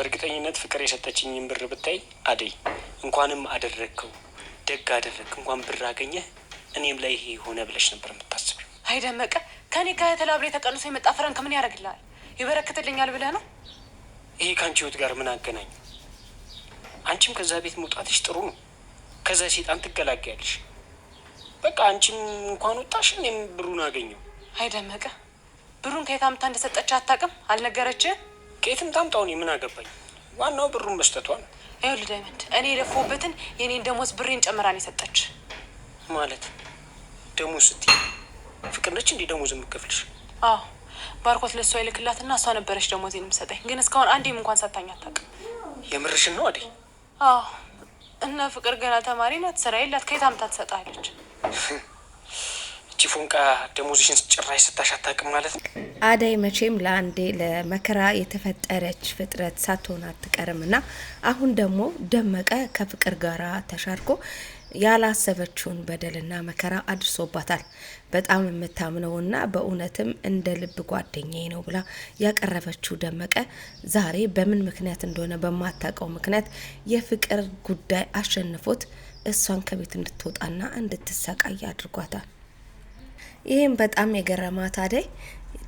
በእርግጠኝነት ፍቅር የሰጠችኝን ብር ብታይ አደይ እንኳንም አደረግከው ደግ አደረግ እንኳን ብር አገኘህ እኔም ላይ ይሄ ሆነ ብለሽ ነበር የምታስቢው። አይደመቀ ከእኔ ጋር ተላብሬ ተቀንሶ የመጣ ፈረንክ ምን ያደርግልሃል? ይበረክትልኛል ብለህ ነው? ይሄ ከአንቺ ህይወት ጋር ምን አገናኘው? አንቺም ከዛ ቤት መውጣትሽ ጥሩ ነው። ከዛ ሴጣን ትገላገያለሽ። በቃ አንቺም እንኳን ወጣሽ፣ እኔም ብሩን አገኘው። አይደመቀ ብሩን ከየት አምታ እንደሰጠች አታውቅም? አልነገረችህ? ከየትም ታምጣው፣ እኔ ምን አገባኝ? ዋናው ብሩን መስጠቷ ነው። ይኸውልህ ዳይመንድ፣ እኔ የለፋሁበትን የኔን ደሞዝ ብሬን ጨምራን የሰጠች ማለት ደሞዝ ስትይ ፍቅር ነች እንዴ ደሞዝ የምከፍልሽ? አዎ ባርኮት ለእሷ ይልክላትና እሷ ነበረች ደሞዜን የምሰጠኝ። ግን እስካሁን አንዴም እንኳን ሳታኝ አታውቅም። የምርሽን ነው አዴ? አዎ። እና ፍቅር ገና ተማሪ ናት፣ ስራ የላት። ከየት አምጣ ትሰጣለች? እቺ ደሞዝሽን ጭራሽ ስታሽ ማለት ነው። አደይ መቼም ለአንዴ ለመከራ የተፈጠረች ፍጥረት ሳትሆን አትቀርም እና አሁን ደግሞ ደመቀ ከፍቅር ጋር ተሻርኮ ያላሰበችውን በደልና መከራ አድርሶባታል። በጣም የምታምነውና በእውነትም እንደ ልብ ጓደኛዬ ነው ብላ ያቀረበችው ደመቀ ዛሬ በምን ምክንያት እንደሆነ በማታውቀው ምክንያት የፍቅር ጉዳይ አሸንፎት እሷን ከቤት እንድትወጣና እንድትሰቃይ አድርጓታል። ይህም በጣም የገረማት አደይ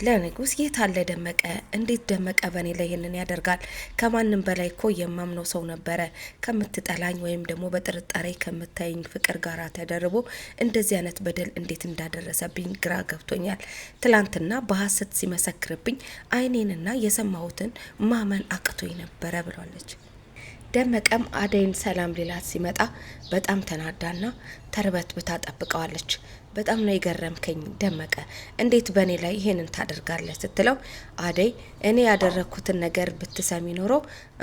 ለንጉስ የት አለ ደመቀ? እንዴት ደመቀ በእኔ ላይ ይህንን ያደርጋል? ከማንም በላይ እኮ የማምነው ሰው ነበረ። ከምትጠላኝ ወይም ደግሞ በጥርጣሬ ከምታይኝ ፍቅር ጋር ተደርቦ እንደዚህ አይነት በደል እንዴት እንዳደረሰብኝ ግራ ገብቶኛል። ትላንትና በሐሰት ሲመሰክርብኝ አይኔንና የሰማሁትን ማመን አቅቶኝ ነበረ ብሏለች። ደመቀም አደይን ሰላም ሌላት ሲመጣ በጣም ተናዳና ተርበት ብታ ጠብቀዋለች። በጣም ነው የገረምከኝ ደመቀ፣ እንዴት በእኔ ላይ ይሄንን ታደርጋለህ? ስትለው አደይ እኔ ያደረግኩትን ነገር ብትሰሚ ኖሮ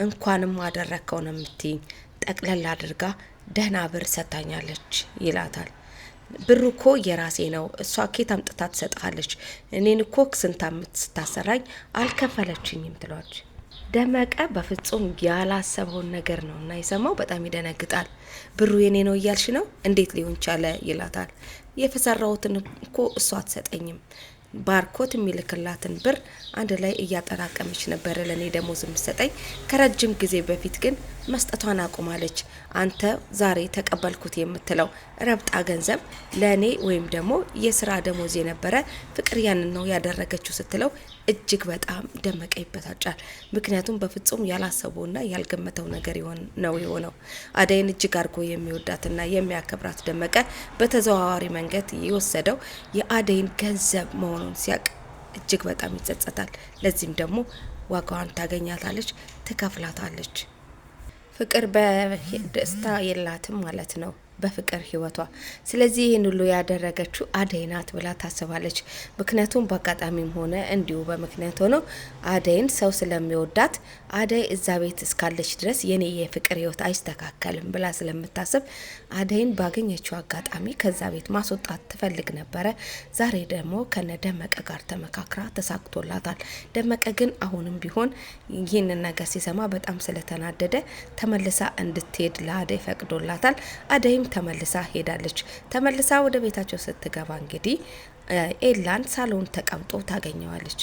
እንኳንም አደረግከው ነው የምትይኝ። ጠቅለል አድርጋ ደህና ብር ሰታኛለች ይላታል። ብሩ እኮ የራሴ ነው። እሷ ኬት አምጥታ ትሰጥሃለች? እኔን እኮ ስንት አመት ስታሰራኝ አልከፈለችኝም ትሏች። ደመቀ በፍጹም ያላሰበውን ነገር ነው እና የሰማው በጣም ይደነግጣል። ብሩ የኔ ነው እያልሽ ነው እንዴት ሊሆን ቻለ? ይላታል። የፈሰራውትን እኮ እሷ አትሰጠኝም። ባርኮት የሚልክላትን ብር አንድ ላይ እያጠራቀመች ነበረ ለእኔ ደሞዝ የምትሰጠኝ። ከረጅም ጊዜ በፊት ግን መስጠቷን አቁማለች። አንተ ዛሬ ተቀበልኩት የምትለው ረብጣ ገንዘብ ለእኔ ወይም ደግሞ የስራ ደሞዝ የነበረ ፍቅር ያንን ነው ያደረገችው ስትለው እጅግ በጣም ደመቀ ይበሳጫል። ምክንያቱም በፍጹም ያላሰበውና ያልገመተው ነገር ነው የሆነው። አደይን እጅግ አድርጎ የሚወዳትና የሚያከብራት ደመቀ በተዘዋዋሪ መንገድ የወሰደው የአደይን ገንዘብ መሆኑን ሲያቅ እጅግ በጣም ይጸጸታል። ለዚህም ደግሞ ዋጋዋን ታገኛታለች፣ ትከፍላታለች። ፍቅር በደስታ የላትም ማለት ነው። በፍቅር ህይወቷ። ስለዚህ ይህን ሁሉ ያደረገችው አደይ ናት ብላ ታስባለች። ምክንያቱም በአጋጣሚም ሆነ እንዲሁ በምክንያት ሆነው አደይን ሰው ስለሚወዳት አደይ እዛ ቤት እስካለች ድረስ የኔ የፍቅር ህይወት አይስተካከልም ብላ ስለምታስብ አደይን ባገኘችው አጋጣሚ ከዛ ቤት ማስወጣት ትፈልግ ነበረ። ዛሬ ደግሞ ከነ ደመቀ ጋር ተመካክራ ተሳክቶላታል። ደመቀ ግን አሁንም ቢሆን ይህንን ነገር ሲሰማ በጣም ስለተናደደ ተመልሳ እንድትሄድ ለአደይ ፈቅዶላታል። አደይም ተመልሳ ሄዳለች። ተመልሳ ወደ ቤታቸው ስትገባ እንግዲህ ኤላን ሳሎን ተቀምጦ ታገኘዋለች።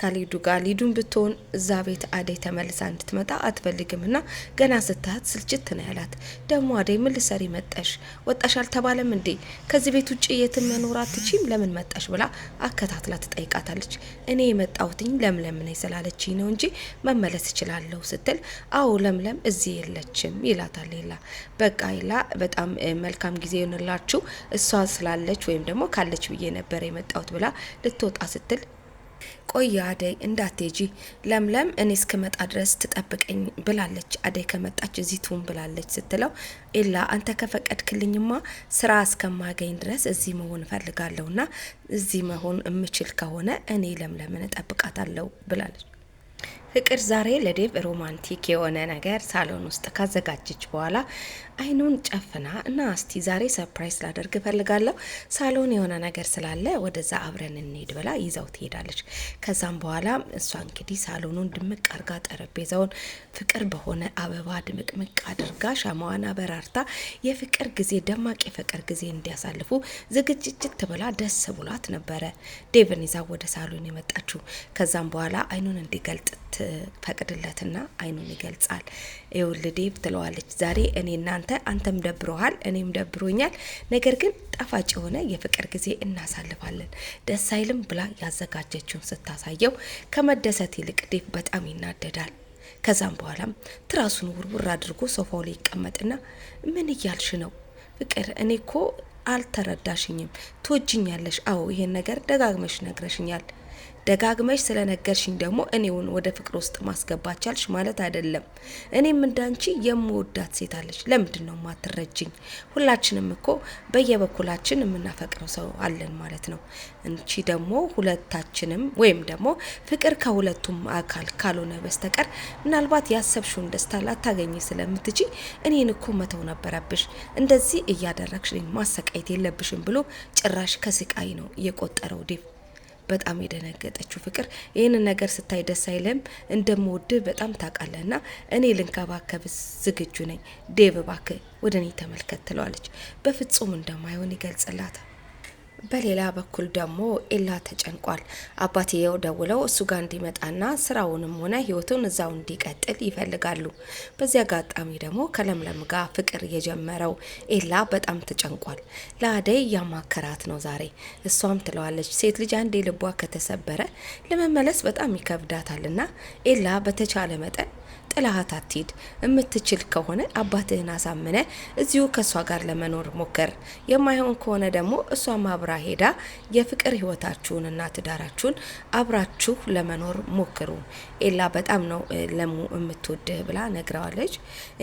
ከሊዱ ጋር ሊዱን ብትሆን እዛ ቤት አደይ ተመልሳ እንድትመጣ አትፈልግም ና ገና ስታያት ስልችት ነው ያላት። ደግሞ አደይ ምን ልሰሪ መጣሽ? ወጣሽ አልተባለም እንዴ? ከዚህ ቤት ውጭ የትም መኖር አትችም፣ ለምን መጣሽ ብላ አከታትላ ትጠይቃታለች። እኔ የመጣሁትኝ ለምለም ነኝ ስላለችኝ ነው እንጂ መመለስ እችላለሁ ስትል፣ አዎ ለምለም እዚህ የለችም ይላታል። ሌላ በቃ ይላ በጣም መልካም ጊዜ ይሆንላችሁ እሷ ስላለች ወይም ደግሞ ካለች ብዬ ነበር የመጣሁት ብላ ልትወጣ ስትል ቆይ አደይ እንዳትጂ ለምለም እኔ እስክመጣ ድረስ ትጠብቀኝ ብላለች። አደይ ከመጣች እዚህ ትሁን ብላለች ስትለው ኤላ አንተ ከፈቀድክልኝማ ስራ እስከማገኝ ድረስ እዚህ መሆን ና እዚህ መሆን የምችል ከሆነ እኔ ለምለምን እጠብቃታለሁ ብላለች። ፍቅር ዛሬ ለዴቭ ሮማንቲክ የሆነ ነገር ሳሎን ውስጥ ካዘጋጀች በኋላ አይኑን ጨፍና እና እስቲ ዛሬ ሰርፕራይዝ ላደርግ እፈልጋለሁ ሳሎን የሆነ ነገር ስላለ ወደዛ አብረን እንሄድ ብላ ይዛው ትሄዳለች። ከዛም በኋላ እሷ እንግዲህ ሳሎኑን ድምቅ አርጋ ጠረጴዛውን ፍቅር በሆነ አበባ ድምቅምቅ አድርጋ ሻማዋን አበራርታ የፍቅር ጊዜ ደማቅ የፍቅር ጊዜ እንዲያሳልፉ ዝግጅት ብላ ደስ ብሏት ነበረ ዴቭን ይዛ ወደ ሳሎን የመጣችው። ከዛም በኋላ አይኑን እንዲገልጥ ትፈቅድለትና አይኑን ይገልጻል። ይኸውልህ ዴቭ ትለዋለች ዛሬ እኔ እናንተ አንተ አንተም ደብሮሃል፣ እኔም ደብሮኛል። ነገር ግን ጣፋጭ የሆነ የፍቅር ጊዜ እናሳልፋለን ደስ አይልም ብላ ያዘጋጀችውን ስታሳየው ከመደሰት ይልቅ ዴቭ በጣም ይናደዳል። ከዛም በኋላም ትራሱን ውርውር አድርጎ ሶፋው ላይ ይቀመጥና ምን እያልሽ ነው ፍቅር? እኔ እኮ አልተረዳሽኝም። ትወጅኛለሽ? አዎ፣ ይሄን ነገር ደጋግመሽ ነግረሽኛል ደጋግመሽ ስለነገርሽኝ ደግሞ እኔውን ወደ ፍቅር ውስጥ ማስገባት ቻልሽ ማለት አይደለም። እኔም እንዳንቺ የምወዳት ሴት አለች። ለምንድን ነው ማትረጅኝ? ሁላችንም እኮ በየበኩላችን የምናፈቅረው ሰው አለን ማለት ነው። እንቺ ደግሞ ሁለታችንም ወይም ደግሞ ፍቅር ከሁለቱም አካል ካልሆነ በስተቀር ምናልባት ያሰብሽውን ደስታ ላታገኝ ስለምትች እኔን እኮ መተው ነበረብሽ። እንደዚህ እያደረግሽ ማሰቃየት የለብሽም ብሎ ጭራሽ ከስቃይ ነው የቆጠረው ዴቭ። በጣም የደነገጠችው ፍቅር ይህንን ነገር ስታይ ደስ አይለም? እንደምወድህ በጣም ታውቃለህ እና እኔ ልንከባከብ ዝግጁ ነኝ። ዴቭ ባክ ወደ እኔ ተመልከት ትለዋለች። በፍጹም እንደማይሆን ይገልጽላታል። በሌላ በኩል ደግሞ ኤላ ተጨንቋል። አባትየው ደውለው እሱ ጋር እንዲመጣና ስራውንም ሆነ ህይወቱን እዛው እንዲቀጥል ይፈልጋሉ። በዚህ አጋጣሚ ደግሞ ከለምለም ጋር ፍቅር የጀመረው ኤላ በጣም ተጨንቋል። ለአደይ እያማከራት ነው ዛሬ። እሷም ትለዋለች ሴት ልጅ አንዴ ልቧ ከተሰበረ ለመመለስ በጣም ይከብዳታልና ኤላ በተቻለ መጠን ጥላሃት አትሂድ። የምትችል ከሆነ አባትህን አሳምነ እዚሁ ከእሷ ጋር ለመኖር ሞከር። የማይሆን ከሆነ ደግሞ እሷ ማብራ አብራ ሄዳ የፍቅር ህይወታችሁንና ትዳራችሁን አብራችሁ ለመኖር ሞክሩ፣ ኤላ በጣም ነው ለሙ የምትወድህ ብላ ነግረዋለች።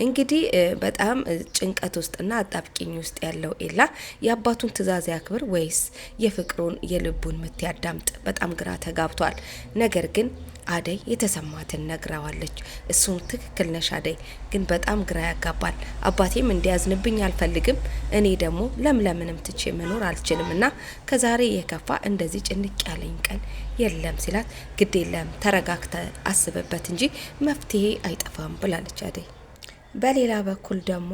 እንግዲህ በጣም ጭንቀት ውስጥና አጣብቂኝ ውስጥ ያለው ኤላ የአባቱን ትዕዛዝ ያክብር ወይስ የፍቅሩን የልቡን ምት ያዳምጥ? በጣም ግራ ተጋብቷል። ነገር ግን አደይ የተሰማትን ነግረዋለች። እሱም ትክክል ነሽ አደይ፣ ግን በጣም ግራ ያጋባል። አባቴም እንዲያዝንብኝ አልፈልግም። እኔ ደግሞ ለምለምንም ትቼ መኖር አልችልም እና ከዛሬ የከፋ እንደዚህ ጭንቅ ያለኝ ቀን የለም ሲላት፣ ግድ የለም ተረጋግተ አስብበት እንጂ መፍትሄ አይጠፋም ብላለች አደይ። በሌላ በኩል ደግሞ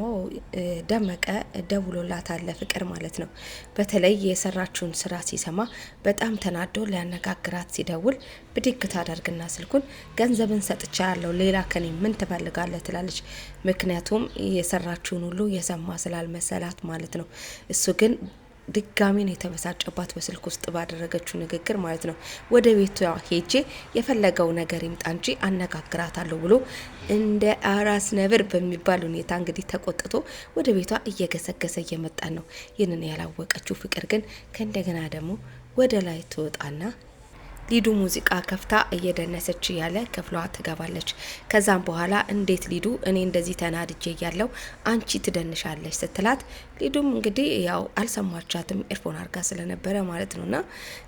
ደመቀ ደውሎላታል ለፍቅር ማለት ነው። በተለይ የሰራችውን ስራ ሲሰማ በጣም ተናዶ ሊያነጋግራት ሲደውል ብድግ ታደርግና ስልኩን ገንዘብን ሰጥቻ ያለው ሌላ ከኔ ምን ትፈልጋለህ ትላለች። ምክንያቱም የሰራችውን ሁሉ የሰማ ስላልመሰላት ማለት ነው። እሱ ግን ድጋሚን የተበሳጨባት በስልክ ውስጥ ባደረገችው ንግግር ማለት ነው። ወደ ቤቷ ሄጄ የፈለገው ነገር ይምጣ እንጂ አነጋግራታለሁ ብሎ እንደ አራስ ነብር በሚባል ሁኔታ እንግዲህ ተቆጥቶ ወደ ቤቷ እየገሰገሰ እየመጣ ነው። ይህንን ያላወቀችው ፍቅር ግን ከእንደገና ደግሞ ወደ ላይ ትወጣና ሊዱ ሙዚቃ ከፍታ እየደነሰች እያለ ክፍሏ ትገባለች። ከዛም በኋላ እንዴት ሊዱ እኔ እንደዚህ ተናድጄ እያለው አንቺ ትደንሻለች ስትላት ሊዱም እንግዲህ ያው አልሰማቻትም ኤርፎን አርጋ ስለነበረ ማለት ነውና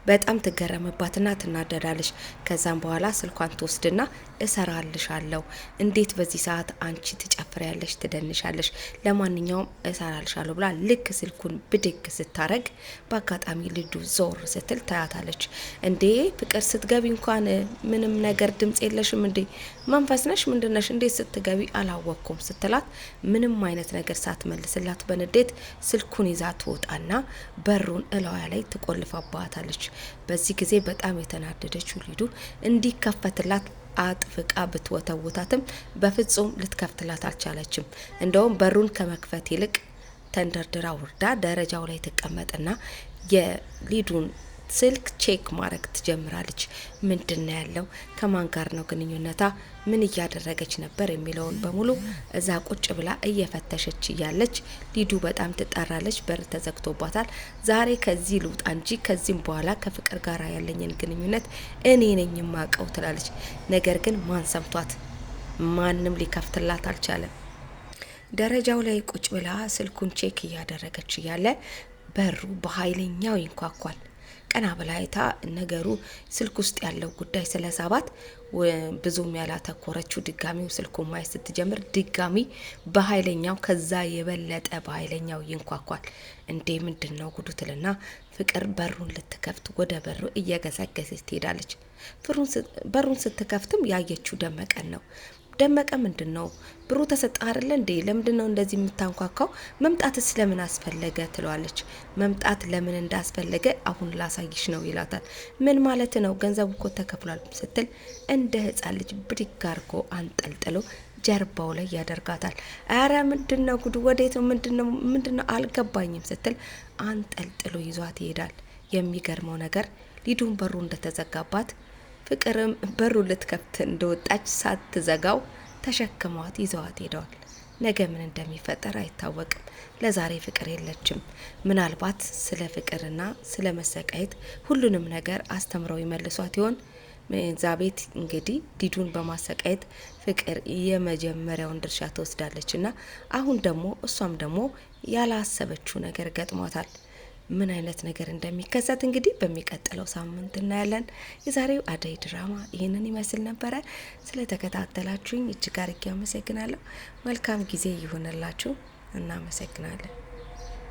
በጣም ትገረምባትና ትናደዳለች። ከዛም በኋላ ስልኳን ትወስድና እሰራልሻለሁ፣ እንዴት በዚህ ሰዓት አንቺ ትጨፍሪያለሽ፣ ትደንሻለሽ፣ ለማንኛውም እሰራልሻለሁ ብላ ልክ ስልኩን ብድግ ስታረግ በአጋጣሚ ልዱ ዞር ስትል ታያታለች። እንዴ ፍቅር ስትገቢ እንኳን ምንም ነገር ድምጽ የለሽም እንዴ መንፈስ ነሽ ምንድነሽ? እንዴት ስትገቢ አላወቅኩም ስትላት ምንም አይነት ነገር ሳትመልስላት በንዴት ስልኩን ይዛ ትወጣና በሩን እላዋ ላይ ትቆልፋባታለች። በዚህ ጊዜ በጣም የተናደደችው ሊዱ እንዲከፈትላት አጥብቃ ብትወተውታትም በፍጹም ልትከፍትላት አልቻለችም። እንደውም በሩን ከመክፈት ይልቅ ተንደርድራ ውርዳ ደረጃው ላይ ትቀመጥና የሊዱን ስልክ ቼክ ማድረግ ትጀምራለች። ምንድን ያለው? ከማን ጋር ነው ግንኙነታ? ምን እያደረገች ነበር? የሚለውን በሙሉ እዛ ቁጭ ብላ እየፈተሸች እያለች ሊዱ በጣም ትጠራለች። በር ተዘግቶባታል። ዛሬ ከዚህ ልውጣ እንጂ ከዚህም በኋላ ከፍቅር ጋር ያለኝን ግንኙነት እኔ ነኝ የማውቀው ትላለች። ነገር ግን ማን ሰምቷት? ማንም ሊከፍትላት አልቻለም። ደረጃው ላይ ቁጭ ብላ ስልኩን ቼክ እያደረገች እያለ በሩ በኃይለኛው ይንኳኳል። ቀና በላይታ ነገሩ ስልክ ውስጥ ያለው ጉዳይ ስለ ብዙም ያላተኮረችው ድጋሚው ስልኩ ማየት ስትጀምር ድጋሚ በኃይለኛው ከዛ የበለጠ በኃይለኛው ይንኳኳል። እንዴ ምንድን ነው ጉዱ ትልና ፍቅር በሩን ልትከፍት ወደ በሩ እየገሰገሰች ትሄዳለች። በሩን ስትከፍትም ያየችው ደመቀን ነው። ደመቀ ምንድን ነው ብሩ ተሰጠ አይደለ እንዴ? ለምንድን ነው እንደዚህ የምታንኳካው? መምጣትስ ለምን አስፈለገ ትለዋለች። መምጣት ለምን እንዳስፈለገ አሁን ላሳይሽ ነው ይላታል። ምን ማለት ነው? ገንዘቡ እኮ ተከፍሏል ስትል እንደ ሕፃን ልጅ ብድግ አርጎ አንጠልጥሎ ጀርባው ላይ ያደርጋታል። አረ ምንድን ነው ጉድ? ወዴት ነው? ምንድን ነው አልገባኝም ስትል አንጠልጥሎ ይዟት ይሄዳል። የሚገርመው ነገር ሊዱን በሩ እንደተዘጋባት ፍቅርም በሩ ልትከፍት እንደወጣች ሳትዘጋው ተሸክሟት ይዘዋት ሄደዋል። ነገ ምን እንደሚፈጠር አይታወቅም። ለዛሬ ፍቅር የለችም። ምናልባት ስለ ፍቅርና ስለ መሰቃየት ሁሉንም ነገር አስተምረው ይመልሷት ይሆን? ዛ ቤት እንግዲህ ዲዱን በማሰቃየት ፍቅር የመጀመሪያውን ድርሻ ትወስዳለች እና አሁን ደግሞ እሷም ደግሞ ያላሰበችው ነገር ገጥሟታል። ምን አይነት ነገር እንደሚከሰት እንግዲህ በሚቀጥለው ሳምንት እናያለን። የዛሬው አደይ ድራማ ይህንን ይመስል ነበረ። ስለተከታተላችሁኝ እጅግ አርጌ አመሰግናለሁ። መልካም ጊዜ ይሁንላችሁ። እናመሰግናለን።